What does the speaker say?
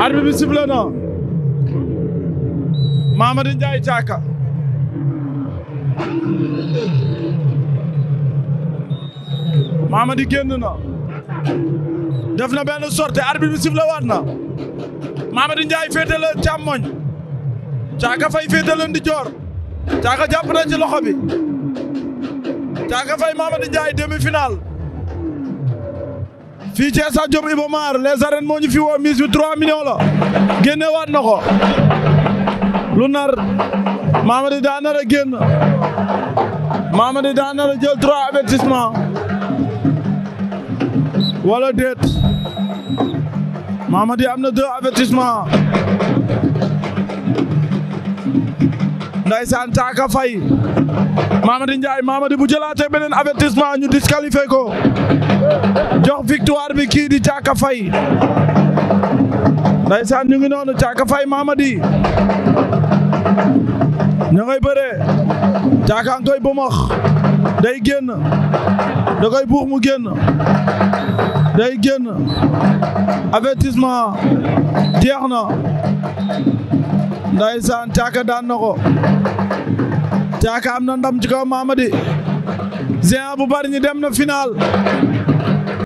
arbitre bi sifflé na Mamadou Ndiaye Thiaka Mamadou génn na def na benn sortie arbitre bi sifflé waat na Mamadou Ndiaye féete la càmmoñ Thiaka Faye féete la ndijoor Thiaka jàpp na ci loxo bi Thiaka Faye fii ci stade Diop Iba Mar les arènes moo ñu fi woo mise bi 3 millions la génne waat na ko lu nar maama daa nar a génn Mamady daa nar jël 3 avertissement wala déet Mamady am na 2 avertissement. ndaysaan Caaka Fay Mamadi Ndiaye Mamadi bu jëlaatee beneen avertissement ñu disqualifié ko jox victoire bi Caaka Fay ndaysaan ñu ngi noonu Caaka Fay Mamadi ña ngay bëree Caaka nga koy bëmax day génn da koy buux mu génn day génn avertissement jeex na ndaysaan caaka daan na ko caaka am na ndam ci kaw Mamadi Géant bu bari ñi dem na final